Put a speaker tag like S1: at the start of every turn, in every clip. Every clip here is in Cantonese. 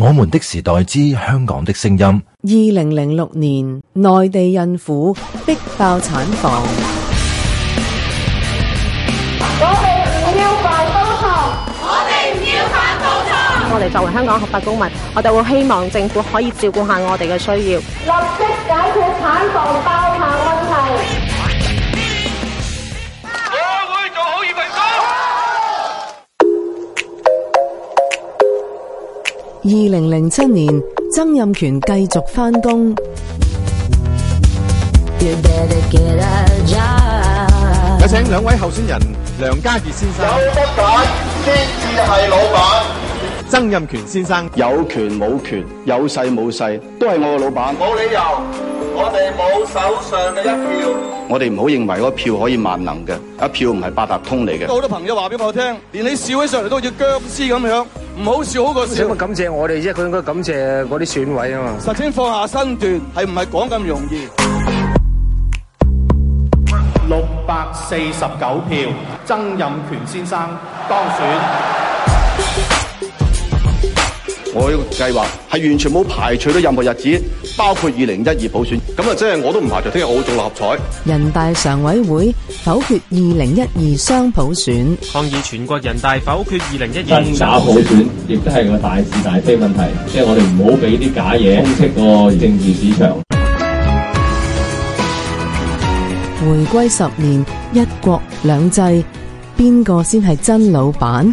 S1: 我們的時代之香港的聲音。
S2: 二零零六年，內地孕婦逼爆產房。我哋唔要反高潮，我哋唔要反高潮。我哋
S1: 作為香港合法公民，我哋會希望政府可以照顧一下我哋嘅需要，
S2: 立即解決產房
S1: 爆棚問題。
S2: 二零零七年，曾蔭權繼續返工。
S1: 有請兩位候選人梁家傑先生。有得揀先至係老闆？曾蔭權先生，有權冇權，有勢冇勢，都係我嘅老闆。冇理由，我哋冇手上嘅一票，我哋唔好認為嗰票，可以萬能嘅，一票唔係八達通嚟嘅。好多朋友話俾我聽，連你笑起上嚟都好似僵屍咁樣。唔好笑好過笑。乜感謝我哋啫？佢應該感謝嗰啲選委啊嘛。首先放下身段，係唔係講咁容易？六百四十九票，曾蔭權先生當選。 我呢個計劃係完全冇排除到任何日子，包括二零一二普選。咁啊，即係我都唔排除，聽日我會中六合彩。
S2: 人大常委會否決二零一二雙普選，
S1: 抗議全國人大否決二零一二真假普選，亦都係個大是大非問題。即係我哋唔好俾啲假嘢充斥個政治市場。
S2: 回歸十年，一國兩制，邊個先係真老闆？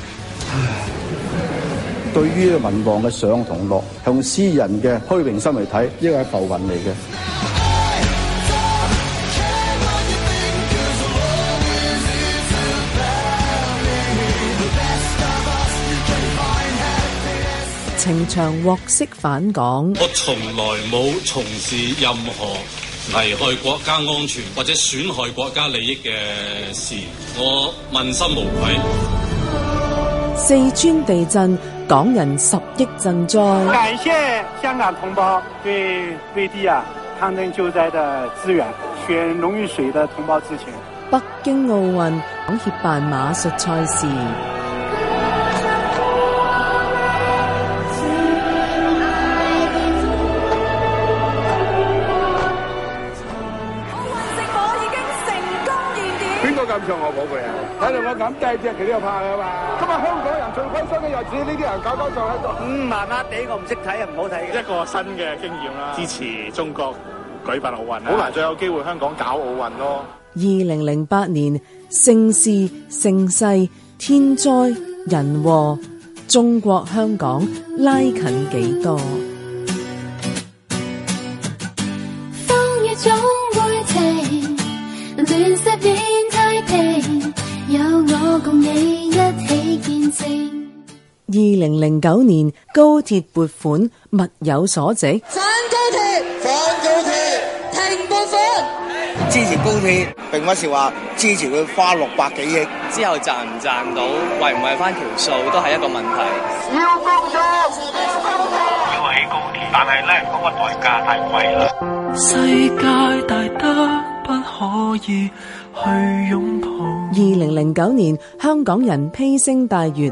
S2: 對於
S1: 民望嘅上同落，從私人嘅虛榮心嚟睇，呢、這個係浮雲嚟嘅。
S2: 程翔獲釋返港，我
S1: 從來冇從事任何危害國家安全或者損害國家利益嘅事，我問心無愧。
S2: 四川地震。港人十億賑災，感
S1: 謝香港同胞對內地啊抗震救災的支援，血濃於水的同胞之情。
S2: 北京奧運港協辦馬術賽事。
S1: 奧運
S2: 聖火已經成功點燃。邊
S1: 個敢唱我寶貝啊？睇到我咁低啲，佢都要怕噶嘛？今日香港人最今日日子呢啲人搞多就一個，嗯，麻麻地，我唔識睇，唔好睇嘅。一個新嘅經驗啦，支持中國舉辦奧運啦，好難再有機會香港搞奧運咯。
S2: 二零零八年，盛世盛世，天災人禍，中國香港拉近幾多？二零零九年高鐵撥款物有所值。反高鐵，反高鐵，停撥款。
S1: 支持高鐵，並不是話支持佢花六百幾億，之後賺唔賺到，為唔為翻條數，都係一個問題。
S2: 要高鐵，要起高鐵，但
S1: 係咧，嗰個代價太貴啦。
S2: 世界大得不可以去擁抱。二零零九年，香港人披星戴月。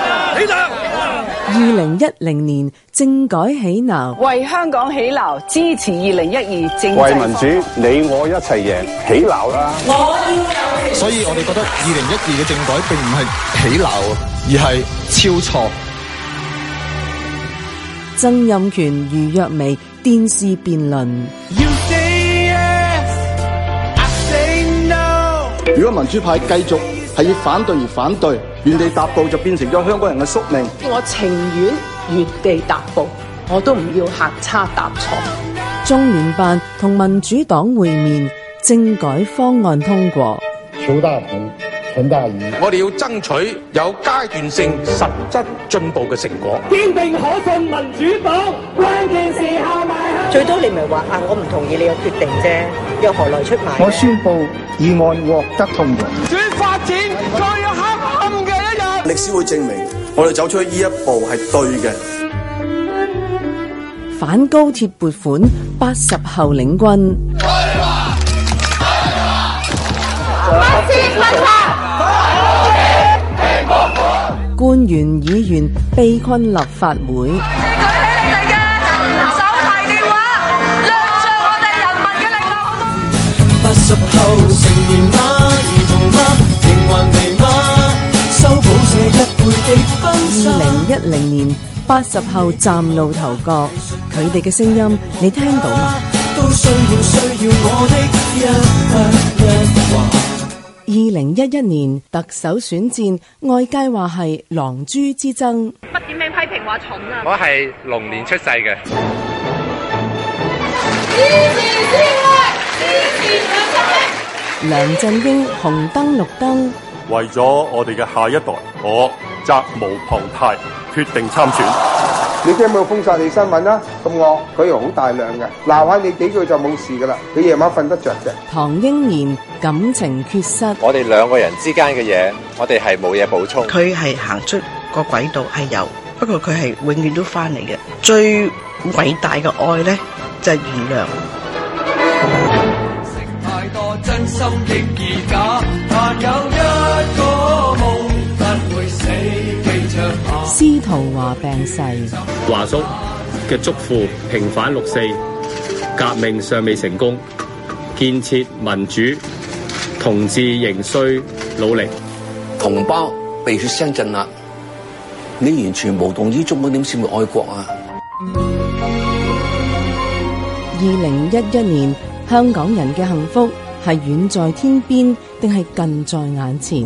S2: 二零一零年政改起錨，為香港起錨，支持二零一二政改。為民主，
S1: 你我一齊贏，起錨啦！
S2: 我要有。所以我哋
S1: 覺得二零一二嘅政改並唔係起錨，而係超錯。
S2: 曾蔭權余若薇電視辯論。You say yes, I say no. 如果民主派繼續。你反對而反對，原地踏步就變成咗香港人嘅宿命。我情願原地踏步，我都唔要行差踏錯。中聯辦同民主黨會面，政改方案通過。嗯嗯嗯、
S1: 我哋要爭取有階段性進實質進步嘅成果。堅定可信民主黨，關鍵時候。最多你咪話啊，我唔同意你嘅決定啫，又何來出賣？我宣布議案獲得通過。主發展最黑暗嘅一日。歷史會證明，我哋走出呢一步係對嘅。
S2: 反高鐵撥款八十後領軍。官員議員被困立法會。舉起你哋嘅手提電話，亮著我哋人民嘅力量。八十後成年嗎？兒童嗎？成年期嗎？修補這一輩嘅分崩。二零一零年八十後站露頭角，佢哋嘅聲音你聽到嗎？都需要需要我的一百分。二零一一年特首選戰，外界話係狼豬之爭。不點名批評話重啊！
S1: 我係龍年出世嘅。
S2: 支持之外，支持兩黨。梁振英紅燈綠燈，
S1: 為咗我哋嘅下一代，我責無旁貸，決定參選。
S2: 你聽冇封殺你新聞啦，咁惡，佢又好大量嘅，鬧下你幾句就冇事噶啦，佢夜晚瞓得着啫。唐英年感情缺失，
S1: 我哋兩個人之間嘅嘢，我哋係冇嘢補充。
S2: 佢係行出個軌道係有，不過佢係永遠都翻嚟嘅。最偉大嘅愛咧就係原諒。司徒華病逝，
S1: 華叔嘅祝福平反六四革命尚未成功，建設民主，同志仍需努力。同胞被血腥鎮壓，你完全無動於衷，點算會愛國啊？
S2: 二零一一年，香港人嘅幸福係遠在天邊定係近在眼前？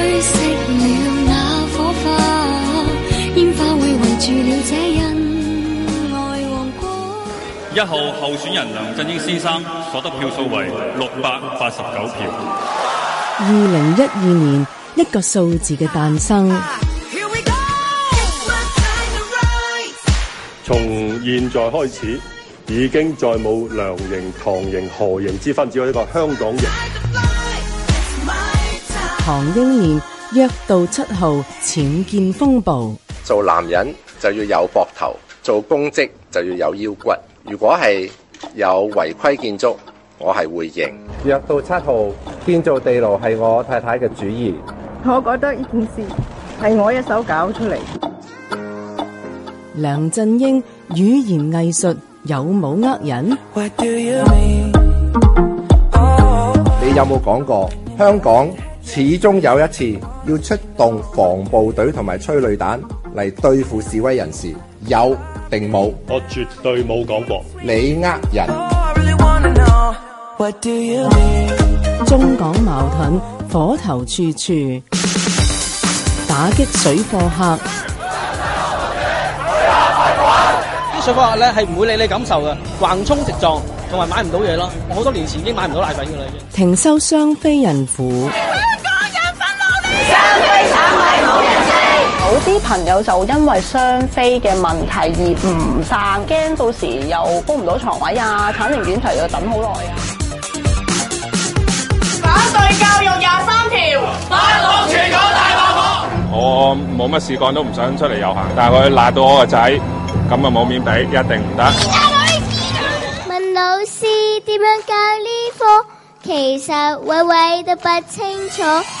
S1: 一號候選人梁振英先生所得票數為六百八十
S2: 九票。二零一二年，一個數字嘅誕生。
S1: 從現在開始，已經再冇梁型、唐型、何型之分，只有一個香港人。Fly fly.
S2: 唐英年約到七號，僭建風暴。
S1: 做男人就要有膊頭，做公職就要有腰骨。如果係有違規建築，我係會認。約到七號建造地牢係我太太嘅主意。
S2: 我覺得呢件事係我一手搞出嚟。梁振英語言藝術有冇呃人？What do you mean? Oh, oh,
S1: 你有冇講過香港始終有一次要出動防暴隊同埋催淚彈嚟對付示威人士？有。定冇，我絕對冇講過。你呃人
S2: ，oh, really，中港矛盾火頭處處，打擊水貨客。
S1: 啲水貨客咧係唔會理你感受嘅，橫衝直撞，同埋買唔到嘢咯。好多年前已經買唔到奶粉噶啦。
S2: 停收雙非人婦。啲朋友就因為雙非嘅問題而唔散，驚到時又 book 唔到床位啊，產前檢查又要等好耐啊。反對教育廿三條，反共全港大話。
S1: 我冇乜事幹，都唔想出嚟遊行，但係佢賴到我個仔，咁啊冇面俾，一定唔得。
S2: 問老師點樣教呢科，其實位位都不清楚。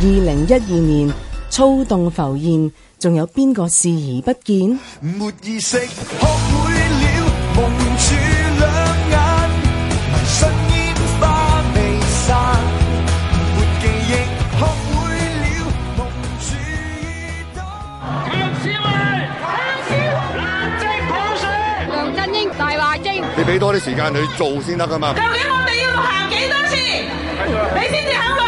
S2: 二零一二年，躁動浮現，仲有邊個視而不見？沒意識，學會了蒙住兩眼，迷信煙花未散。沒記憶，學會了蒙住耳朵。梁少尉，槍少，藍梁振英，大話英：你「你俾多啲時間去
S1: 做先得噶嘛？究竟
S2: 我哋要行幾多次，你先至肯？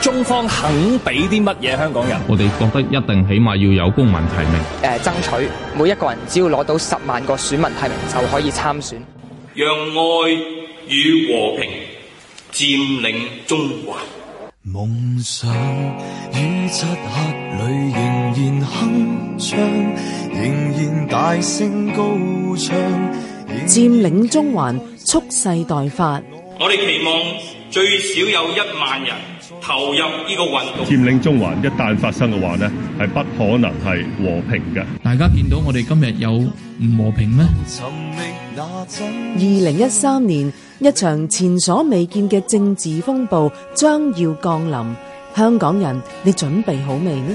S1: 中方肯俾啲乜嘢香港人？我哋覺得一定起碼要有公民提名誒、呃，爭取每一個人只要攞到十萬個選民提名就可以參選，讓愛與和平佔領中環。
S2: 夢想與漆黑裏仍然哼唱，仍然大聲高唱。佔領中環，蓄勢待發。
S1: 我哋期望最少有一萬人。投入呢個運動，佔領中環一旦發生嘅話呢，係不可能係和平嘅。大家見到我哋今日有唔和平咩？二
S2: 零一三年，一場前所未見嘅政治風暴將要降臨，香港人你準備好未呢？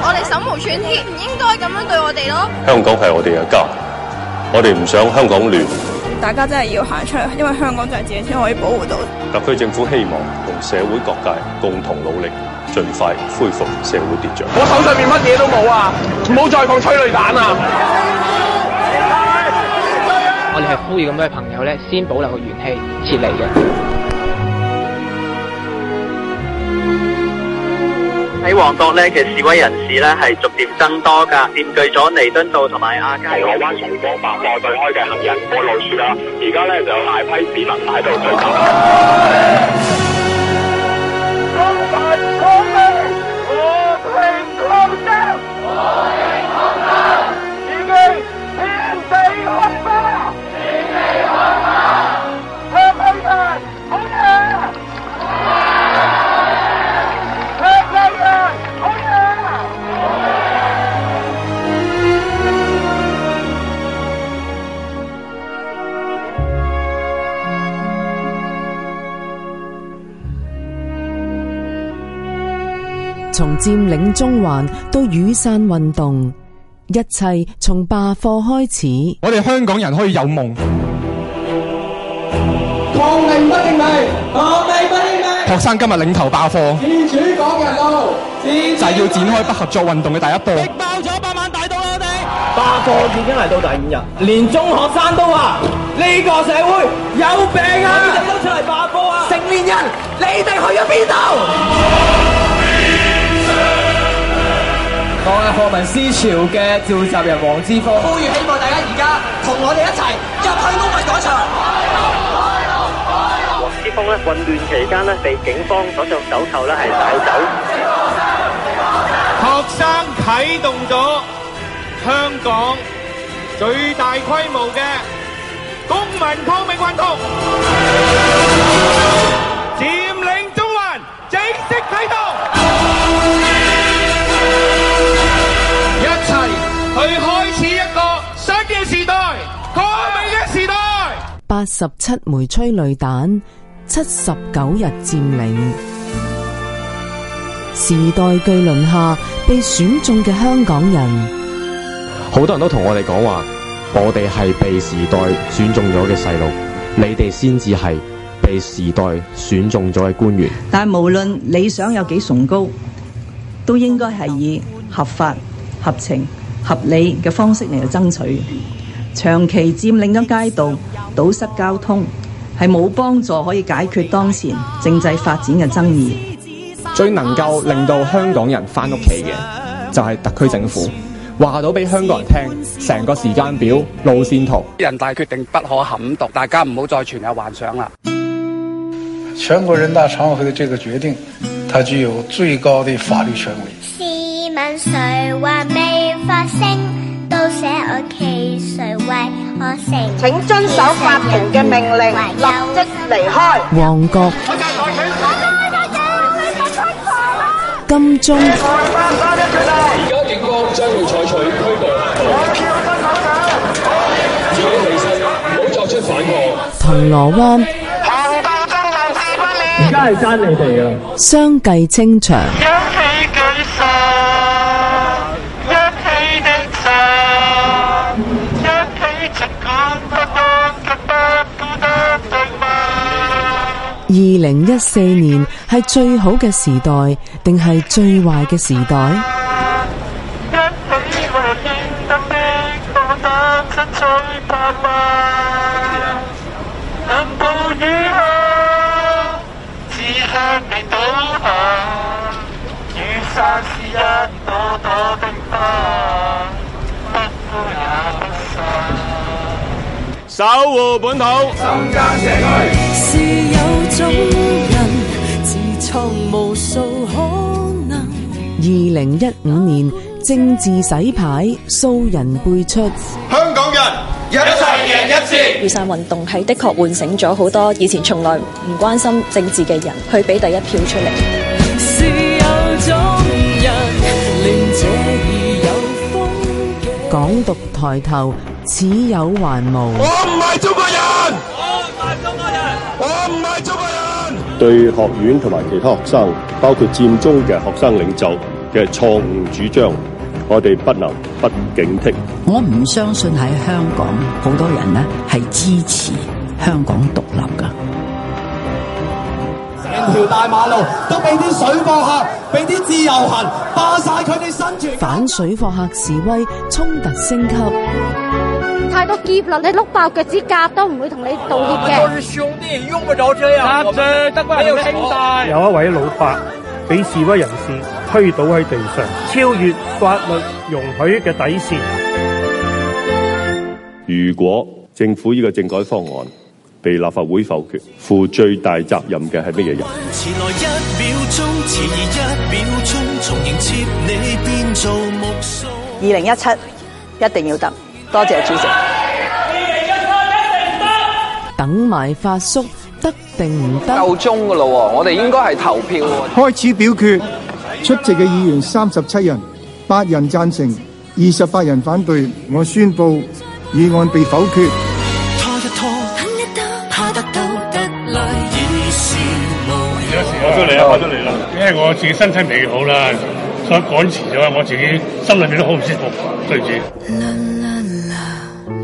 S2: 手無寸鐵，唔應該咁樣對我哋
S1: 咯。香港係我哋嘅家，我哋唔想香港亂。大家真係要行出嚟，因為香港就係自己先可以保護到。特區政府希望同社會各界共同努力，盡快恢復社會秩序。我手上面乜嘢都冇啊！唔好再放催淚彈啊！我哋係呼籲咁多嘅朋友咧，先保留個元氣撤離嘅。喺旺角咧，嘅示威人士呢係逐漸增多噶，佔據咗彌敦道同埋亞皆老灣重光百貨對開嘅行人過路處啦。而家呢，就有大批市民喺度隊
S2: 等佔領中環到雨傘運動，一切從罷課開始。
S1: 我哋香港人可以有夢。抗命不認命，抗命不認
S2: 命。學
S1: 生今日領頭罷課，自
S2: 主港人路，
S1: 就係、是、要展開不合作運動嘅第一步。激爆咗百萬大道啦，我哋罷課已經嚟到第五日，連中學生都話呢、這個社會有病啊！你哋都出嚟罷課啊！成年人，你哋去咗邊度？ 我係學民思潮嘅召集人黃之鋒，呼籲希望大家而家同我哋一齊入去公民廣場。黃之鋒咧，混亂期間咧，被警方所上手扣咧係帶走。
S2: 學
S1: 生啟動咗香港最大規模嘅公民抗命運動。
S2: 八十七枚催淚彈，七十九日佔領。時代巨輪下被選中嘅香港人，
S1: 好多人都同我哋講話，我哋係被時代選中咗嘅細路，你哋先至係被時代選中咗嘅官員。
S2: 但係無論理想有幾崇高，都應該係以合法、合情、合理嘅方式嚟到爭取。長期佔領咗街道，堵塞交通，係冇幫助可以解決當前政制發展嘅爭議。
S1: 最能夠令到香港人翻屋企嘅，就係、是、特區政府，話到俾香港人聽，成個時間表、路線圖。人大決定不可撼動，大家唔好再存有幻想啦。全國人大常委會嘅這個決定，它具有最高的法律權威。
S2: 試問誰還未發聲請遵守法庭嘅命令，立即離開。旺角。金鐘。而家警
S1: 方將會採取拘捕。唔好作出反抗。
S2: 銅鑼灣。而家係爭你哋噶啦。相繼清場。二零一四年係最好嘅時代，定係最壞嘅時
S1: 代？
S2: 守護本土，增加社區。是有種人自創無數可能。二零一五年政治洗牌，蘇人輩出。香港人一世
S1: 贏一次，雨傘運動係的確喚醒咗好多以前從來唔關心政治嘅人，去俾第一票出嚟。是有
S2: 種人令這夜有風。港獨抬頭。只有還無。我唔係中國人，我唔係中國人，我唔係中國人。對
S1: 學院同埋其他學生，包括佔中嘅學生領袖嘅錯誤主張，我哋不能不警惕。
S2: 我唔相信喺香港好多人呢係支持香港獨立㗎。
S1: 成條大馬路都俾啲水貨客，俾啲自由行霸晒佢哋身處。
S2: 反水貨客示威衝突升級。
S1: 太多結論，你碌爆腳趾甲都唔會同你道歉嘅。都是兄弟，用不着這樣。他得怪有一位老伯畀示威人士推倒喺地上，超越法律容許嘅底線。如果政府呢個政改方案被立法會否決，負最大責任嘅係乜嘢人？
S2: 二零一七一定要得。多謝主席。等埋發叔得定唔得？夠鐘噶啦，
S1: 我哋應該係投票。
S2: 開始表決，出席嘅議員三十七人，
S1: 八人贊成，二十八人反對。我宣布議案被否決。拖拖得得有事我都嚟啦，我都嚟啦。因為我自己身體未好啦，所以趕遲咗，我自己心裏面都好唔舒服，對唔住。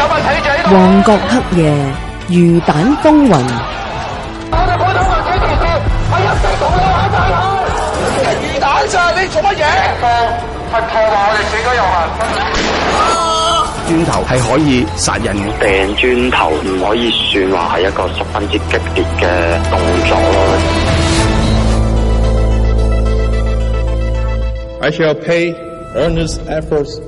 S1: 旺角黑
S2: 夜，魚蛋風雲。我哋普通話轉電視，
S1: 係一齊同我喺度去。魚蛋啫，你做乜嘢？係錯話我哋死咗又問。磚頭係可以殺人嘅，掟磚頭唔可以算話係一個十分之激烈嘅動作咯。I shall pay earnest efforts.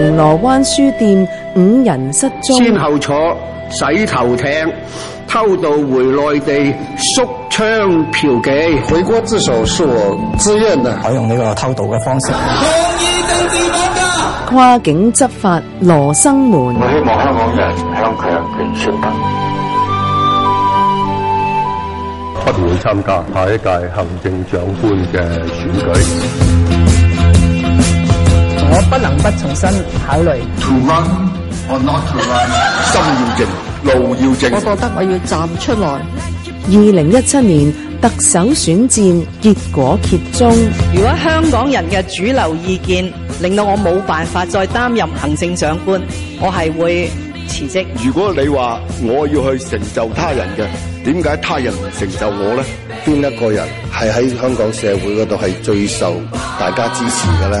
S2: 銅鑼灣書店五人失蹤，先後坐洗頭艇偷渡回
S1: 內地，縮槍嫖妓。回國自首是我自願嘅，啊，我
S2: 用呢個偷渡嘅方式。同意政治犯跨境執法，羅生門。我希望香港人
S1: 向強權說不，不會參加下一屆行政長官嘅選舉。我不能不重新考慮。To run or not to run, 心要靜，路要靜。我覺
S2: 得我要站出來。二零一七年特首選戰結果揭盅。如果香港人嘅主流意見令到我冇辦法再擔任行政長官，我係會辭職。
S1: 如果你話我要去成就他人嘅，點解他人唔成就我咧？邊一個人係喺香港社會嗰度係最受大家支持嘅咧？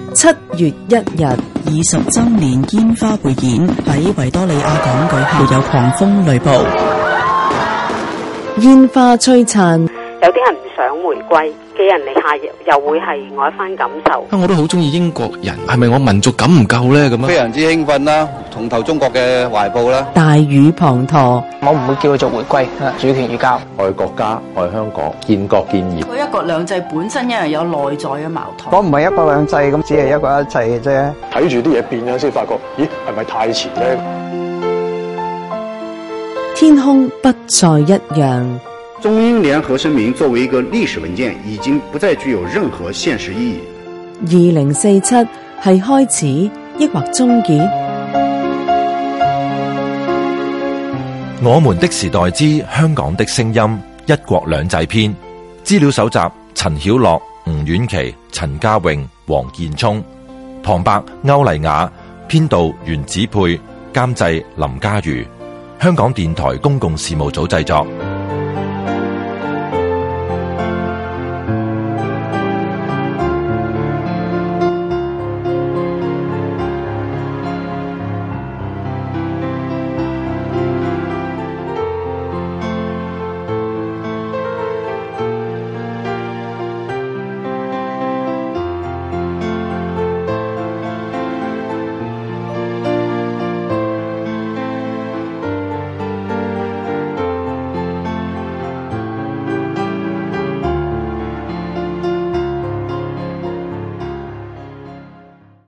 S2: 七月一日二十周年煙花匯演喺維多利亞港舉行，有狂風雷暴，煙花璀璨，有啲人唔想回歸。
S1: 俾人嚟下又會係我一番
S2: 感受。啊，我都好中意英國人，係咪我民族感唔夠咧？咁樣，非常之
S1: 興奮啦，重投中國嘅懷抱啦。
S2: 大雨滂沱，我唔
S1: 會叫佢做回歸。主權移交，愛國家，愛香港，建國建業。嗰一
S2: 國兩制本身因為有內在嘅矛盾。我
S1: 唔係一國兩制咁，只係一國一制嘅啫。睇住啲嘢變咗先，發覺咦，係咪太遲咧？
S2: 天空不再一樣。
S1: 中英聯合聲明作為一個歷史文件，已經不再具有任何現實意
S2: 義。二零四七係開始，抑或終結？
S1: 我們的時代之香港的聲音：一國兩制篇。資料蒐集：陳曉樂、吳婉琪、陳家榮、黃建聰。旁白：歐麗雅。編導：袁子佩。監製：林嘉瑜。香港電台公共事務組製作。